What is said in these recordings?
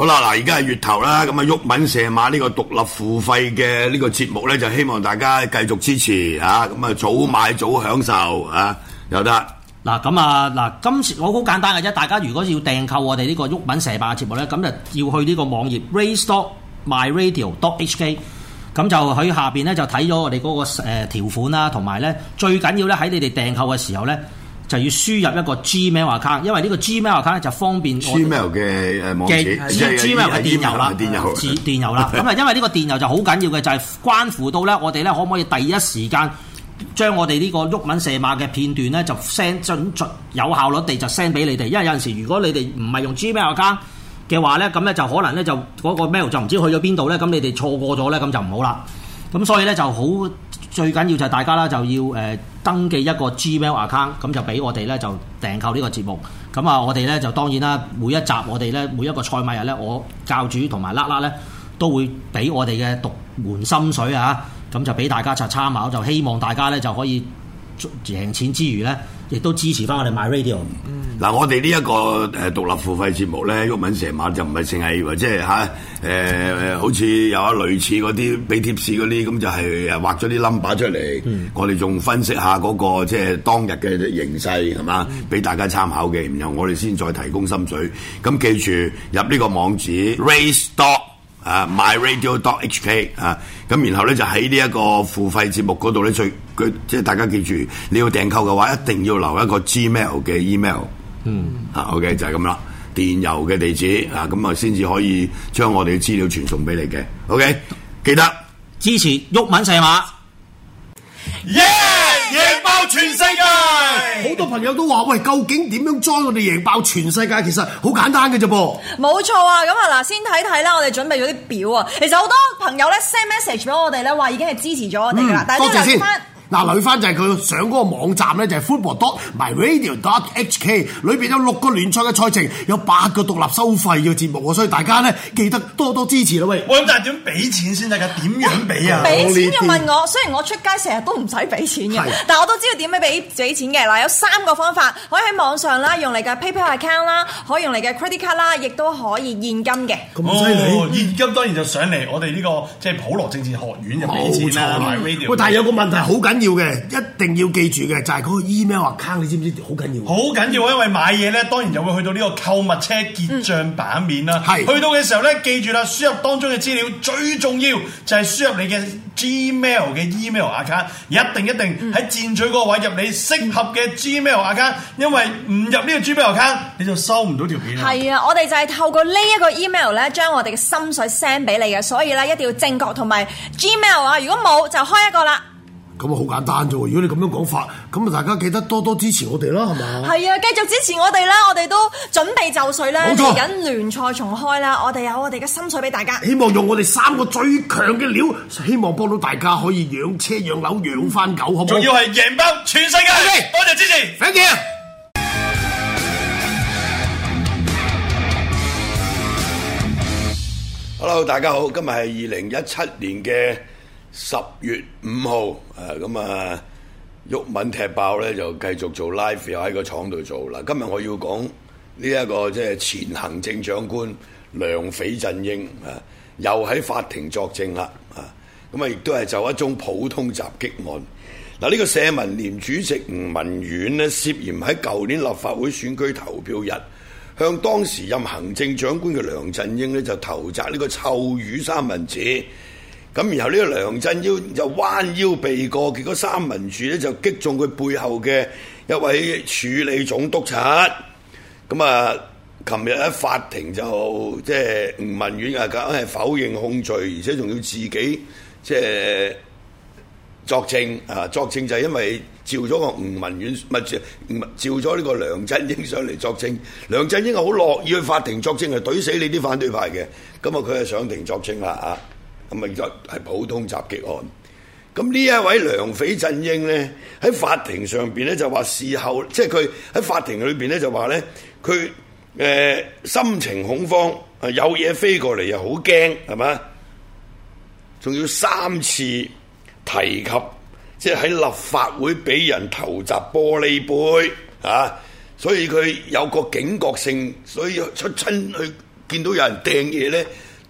好啦，嗱，而家係月頭啦，咁啊，毓民射馬呢個獨立付費嘅呢個節目咧，就希望大家繼續支持啊，咁啊，早買早享受啊，有得嗱，咁啊，嗱、啊，今次我好簡單嘅啫，大家如果要訂購我哋呢個毓民射馬嘅節目咧，咁就要去呢個網頁 raise dot my radio hk，咁就喺下邊咧就睇咗我哋嗰、那個誒條、呃、款啦，同埋咧最緊要咧喺你哋訂購嘅時候咧。就要輸入一個 Gmail account，因為呢個 Gmail account 咧就方便。Gmail 嘅誒網址，係係係係係電郵啦，電郵啦。咁啊，因為呢個電郵就好緊要嘅，就係、是、關乎到咧，我哋咧可唔可以第一時間將我哋呢個鬱文射馬嘅片段咧，就 send 準準有效率地就 send 俾你哋。因為有陣時，如果你哋唔係用 Gmail account 嘅話咧，咁咧就可能咧就嗰個 mail 就唔知去咗邊度咧，咁你哋錯過咗咧，咁就唔好啦。咁所以咧就好。最緊要就係大家啦，就要誒登記一個 Gmail account，咁就俾我哋咧就訂購呢個節目。咁啊，我哋咧就當然啦，每一集我哋咧每一個賽馬日咧，我教主同埋拉拉咧都會俾我哋嘅獨門心水啊，咁就俾大家就參考。就希望大家咧就可以贏錢之餘咧，亦都支持翻我哋 My Radio。嗱，我哋呢一個誒獨立付費節目咧，毓民成晚就唔係淨係或者嚇誒，好似有一類似嗰啲俾貼士嗰啲，咁就係誒畫咗啲 number 出嚟。嗯、我哋仲分析下嗰、嗰個即係當日嘅形勢係嘛，俾、嗯、大家參考嘅。然後我哋先再提供心水。咁記住入呢個網址 r a y s d、uh, o t 啊 myradio.hk 啊。咁然後咧就喺呢一個付費節目嗰度咧，最即係大家記住，你要訂購嘅話，一定要留一個 gmail 嘅 email。嗯，啊，OK，就係咁啦。電郵嘅地址啊，咁啊先至可以將我哋嘅資料傳送俾你嘅。OK，記得支持毓民細馬，耶！贏爆全世界。好多朋友都話喂，究竟點樣裝我哋贏爆全世界？其實好簡單嘅啫噃。冇錯啊，咁啊嗱，先睇睇啦。我哋準備咗啲表啊。其實好多朋友咧 send message 咗我哋咧，話已經係支持咗我哋噶啦。多謝翻？嗱，女翻就係、是、佢上嗰個網站咧，就係、是、football.myradio.hk，裏邊有六個聯賽嘅賽程，有八個獨立收費嘅節目喎，所以大家咧記得多多支持啦，喂！我諗就係點俾錢先得噶？點喂樣俾啊？俾錢要問我，雖然我出街成日都唔使俾錢嘅，啊、但係我都知道點樣俾俾錢嘅。嗱，有三個方法，可以喺網上啦，用你嘅 PayPal account 啦，可以用你嘅 credit card 啦，亦都可以現金嘅。咁犀利！現金當然就上嚟我哋呢個即係普羅政治學院就俾錢啦，MyRadio 錯。Rad 喂，但係有個問題好緊。要嘅，一定要記住嘅就係、是、嗰個 email account，你知唔知好緊要？好緊要，因為買嘢咧，當然就會去到呢個購物車結帳版面啦。係、嗯、去到嘅時候咧，記住啦，輸入當中嘅資料最重要就係輸入你嘅 Gmail 嘅 email account，一定一定喺箭嘴嗰個位入你適合嘅 Gmail account，因為唔入呢個 Gmail account 你就收唔到條片。係啊，我哋就係透過呢一個 email 咧，將我哋嘅心水 send 俾你嘅，所以咧一定要正確同埋 Gmail 啊！如果冇就開一個啦。咁啊好簡單啫喎！如果你咁樣講法，咁啊大家記得多多支持我哋啦，係嘛？係啊，繼續支持我哋啦！我哋都準備就緒啦，冇錯，嚟緊聯賽重開啦，我哋有我哋嘅心水俾大家。希望用我哋三個最強嘅料，希望幫到大家可以養車、養樓、養翻狗，好唔好？仲要係贏爆全世界！Okay. 多謝支持，thank you。Hello，大家好，今日係二零一七年嘅，十月五號，誒、啊，咁啊，毓民踢爆咧，就繼續做 live，又喺個廠度做。嗱、啊，今日我要講呢、這、一個即係前行政長官梁匪振英，啊，又喺法庭作證啦，啊，咁啊，亦都係就一宗普通襲擊案。嗱、啊，呢、這個社民連主席吳文遠呢，涉嫌喺舊年立法會選舉投票日，向當時任行政長官嘅梁振英呢，就投擲呢個臭魚三文治。咁然後呢個梁振英就彎腰避過，結果三文治咧就擊中佢背後嘅一位處理總督察。咁啊，琴日喺法庭就即係、就是、吳文遠啊，梗係否認控罪，而且仲要自己即係、就是、作證啊！作證就係因為召咗個吳文遠，唔係召咗呢個梁振英上嚟作證。梁振英係好樂意去法庭作證，係懟死你啲反對派嘅。咁啊，佢係上庭作證啦，啊！咁咪就係普通襲擊案。咁呢一位梁匪振英呢，喺法庭上邊呢，就話事後，即係佢喺法庭裏邊呢，就話呢，佢誒心情恐慌，有嘢飛過嚟又好驚，係嘛？仲要三次提及，即係喺立法會俾人投擲玻璃杯啊！所以佢有個警覺性，所以出親去見到有人掟嘢呢，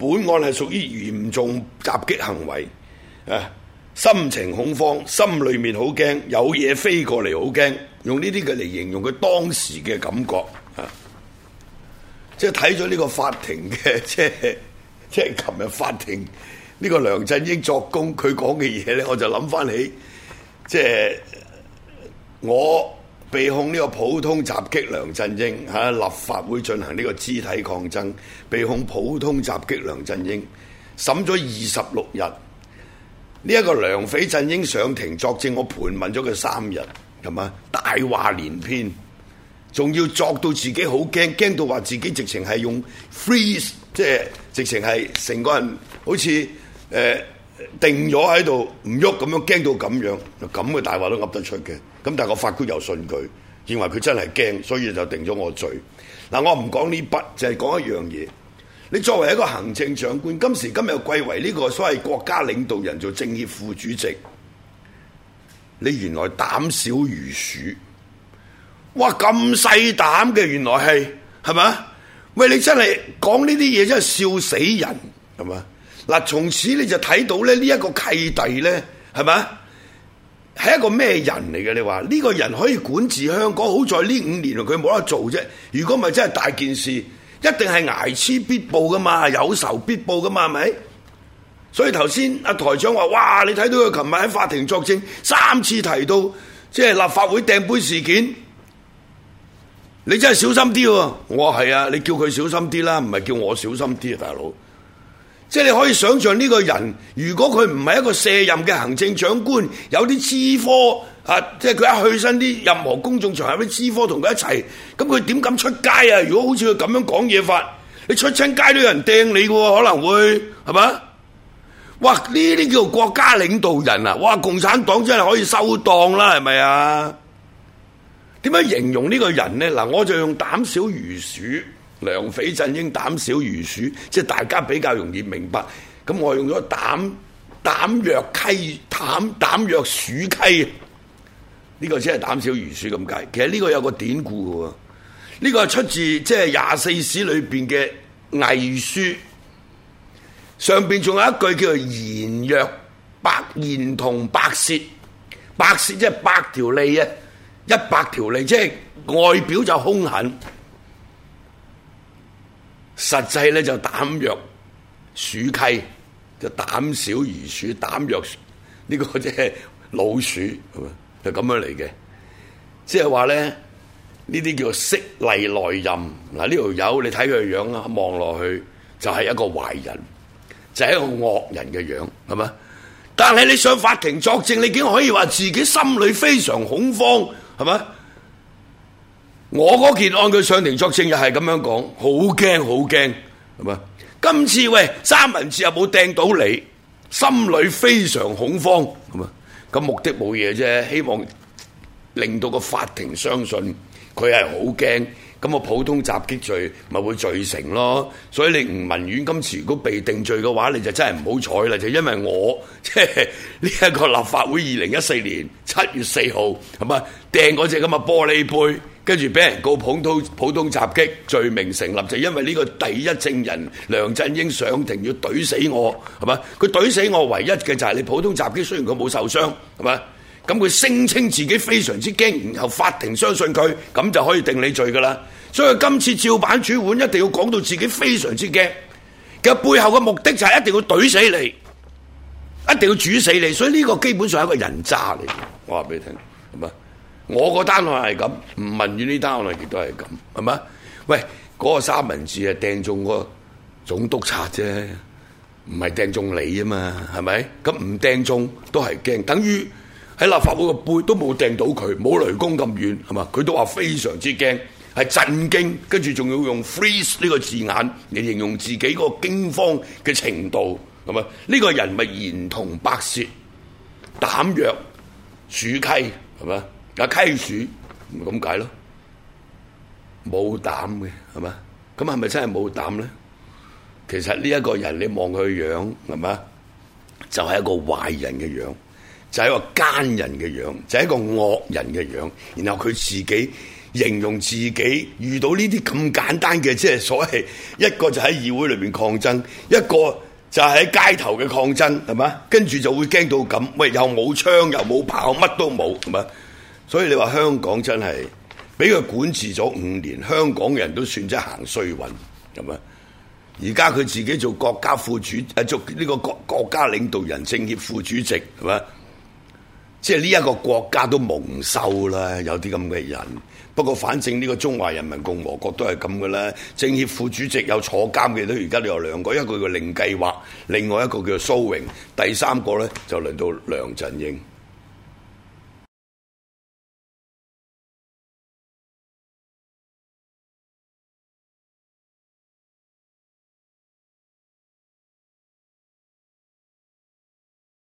本案係屬於嚴重襲擊行為，啊，心情恐慌，心裏面好驚，有嘢飛過嚟好驚，用呢啲嘅嚟形容佢當時嘅感覺啊，即係睇咗呢個法庭嘅，即係即係琴日法庭呢個梁振英作供，佢講嘅嘢咧，我就諗翻起，即係我。被控呢個普通襲擊梁振英嚇、啊、立法會進行呢個肢體抗爭，被控普通襲擊梁振英，審咗二十六日。呢、這、一個梁匪振英上庭作證，我盤問咗佢三日，係嘛，大話連篇，仲要作到自己好驚，驚到話自己直情係用 freeze，即係直情係成個人好似誒。呃定咗喺度唔喐，咁樣驚到咁樣，咁嘅大話都噏得出嘅。咁但係個法官又信佢，認為佢真係驚，所以就定咗我罪。嗱，我唔講呢筆，就係講一樣嘢。你作為一個行政長官，今時今日貴為呢個所謂國家領導人做政協副主席，你原來膽小如鼠，哇，咁細膽嘅，原來係，係嘛？喂，你真係講呢啲嘢真係笑死人，係嘛？嗱，從此你就睇到咧呢一個契弟咧，係咪？係一個咩人嚟嘅？你話呢、這個人可以管治香港，好在呢五年佢冇得做啫。如果唔係，真係大件事，一定係睚眥必報噶嘛，有仇必報噶嘛，係咪？所以頭先阿台長話：，哇！你睇到佢琴日喺法庭作證，三次提到即係立法會掟杯事件，你真係小心啲喎、啊！我係啊，你叫佢小心啲啦，唔係叫我小心啲啊，大佬。即係你可以想像呢個人，如果佢唔係一個卸任嘅行政長官，有啲 G4 即係佢一去親啲任何公眾場合，啲 G4 同佢一齊，咁佢點敢出街啊？如果好似佢咁樣講嘢法，你出親街都有人掟你嘅喎，可能會係嘛？哇！呢啲叫做國家領導人啊！哇！共產黨真係可以收檔啦，係咪啊？點樣形容呢個人呢？嗱，我就用膽小如鼠。梁匪振英膽小如鼠，即係大家比較容易明白。咁我用咗膽膽若鼷，膽膽若鼠鼷。呢個先係膽小如鼠咁解。其實呢個有個典故嘅喎，呢個係出自即係廿四史裏邊嘅魏書。上邊仲有一句叫做言若百言同百舌，百舌即係百條脷啊，一百條脷，即係外表就凶狠。實際咧就膽若鼷鼠，就膽小如鼠，膽若呢個即係老鼠，係咪？就咁樣嚟嘅，即係話咧，呢啲叫做色厲內荏。嗱呢條友，你睇佢樣啊，望落去就係一個壞人，就係、是、一個惡人嘅樣，係咪？但係你上法庭作證，你竟可以話自己心裏非常恐慌，係咪？我嗰件案佢上庭作證又係咁樣講，好驚好驚，係嘛？今次喂三文治又冇掟到你，心裏非常恐慌，係嘛？咁目的冇嘢啫，希望令到個法庭相信佢係好驚。咁個普通襲擊罪咪會罪成咯。所以你吳文遠今次如果被定罪嘅話，你就真係唔好彩啦！就因為我即係呢一個立法會二零一四年七月四號，係嘛掟嗰隻咁嘅玻璃杯。跟住俾人告普通普通襲擊罪名成立，就是，因為呢個第一證人梁振英上庭要懟死我，係嘛？佢懟死我唯一嘅就係你普通襲擊，雖然佢冇受傷，係嘛？咁佢聲稱自己非常之驚，然後法庭相信佢，咁就可以定你罪㗎喇。所以今次照板煮碗，一定要講到自己非常之驚嘅背後嘅目的就係一定要懟死你，一定要煮死你。所以呢個基本上係一個人渣嚟，我話俾你聽，係嘛？我個單案係咁，吳文遠呢單案亦都係咁，係嘛？喂，嗰個三文治係掟中個總督察啫，唔係掟中你啊嘛，係咪？咁唔掟中都係驚，等於喺立法會個杯都冇掟到佢，冇雷公咁遠，係嘛？佢都話非常之驚，係震驚，跟住仲要用 freeze 呢個字眼嚟形容自己個驚慌嘅程度，係咪？呢個人咪言同百舌，膽若鼷鼠，係咪？有鼷鼠，咁解咯。冇膽嘅係嘛？咁係咪真係冇膽咧？其實呢一個人，你望佢樣係嘛？就係一個壞人嘅樣，就係一個奸人嘅樣，就係一個惡人嘅樣。然後佢自己形容自己遇到呢啲咁簡單嘅，即係所謂一個就喺議會裏邊抗爭，一個就係喺街頭嘅抗爭，係嘛？跟住就會驚到咁，喂，又冇槍，又冇炮，乜都冇，係嘛？所以你話香港真係俾佢管治咗五年，香港人都算得行衰運咁啊！而家佢自己做國家副主席，做呢個國國家領導人、政協副主席，係咪？即係呢一個國家都蒙羞啦！有啲咁嘅人。不過反正呢個中華人民共和國都係咁嘅啦。政協副主席有坐監嘅，都而家你有兩個，一個叫令計劃，另外一個叫蘇榮，第三個咧就輪到梁振英。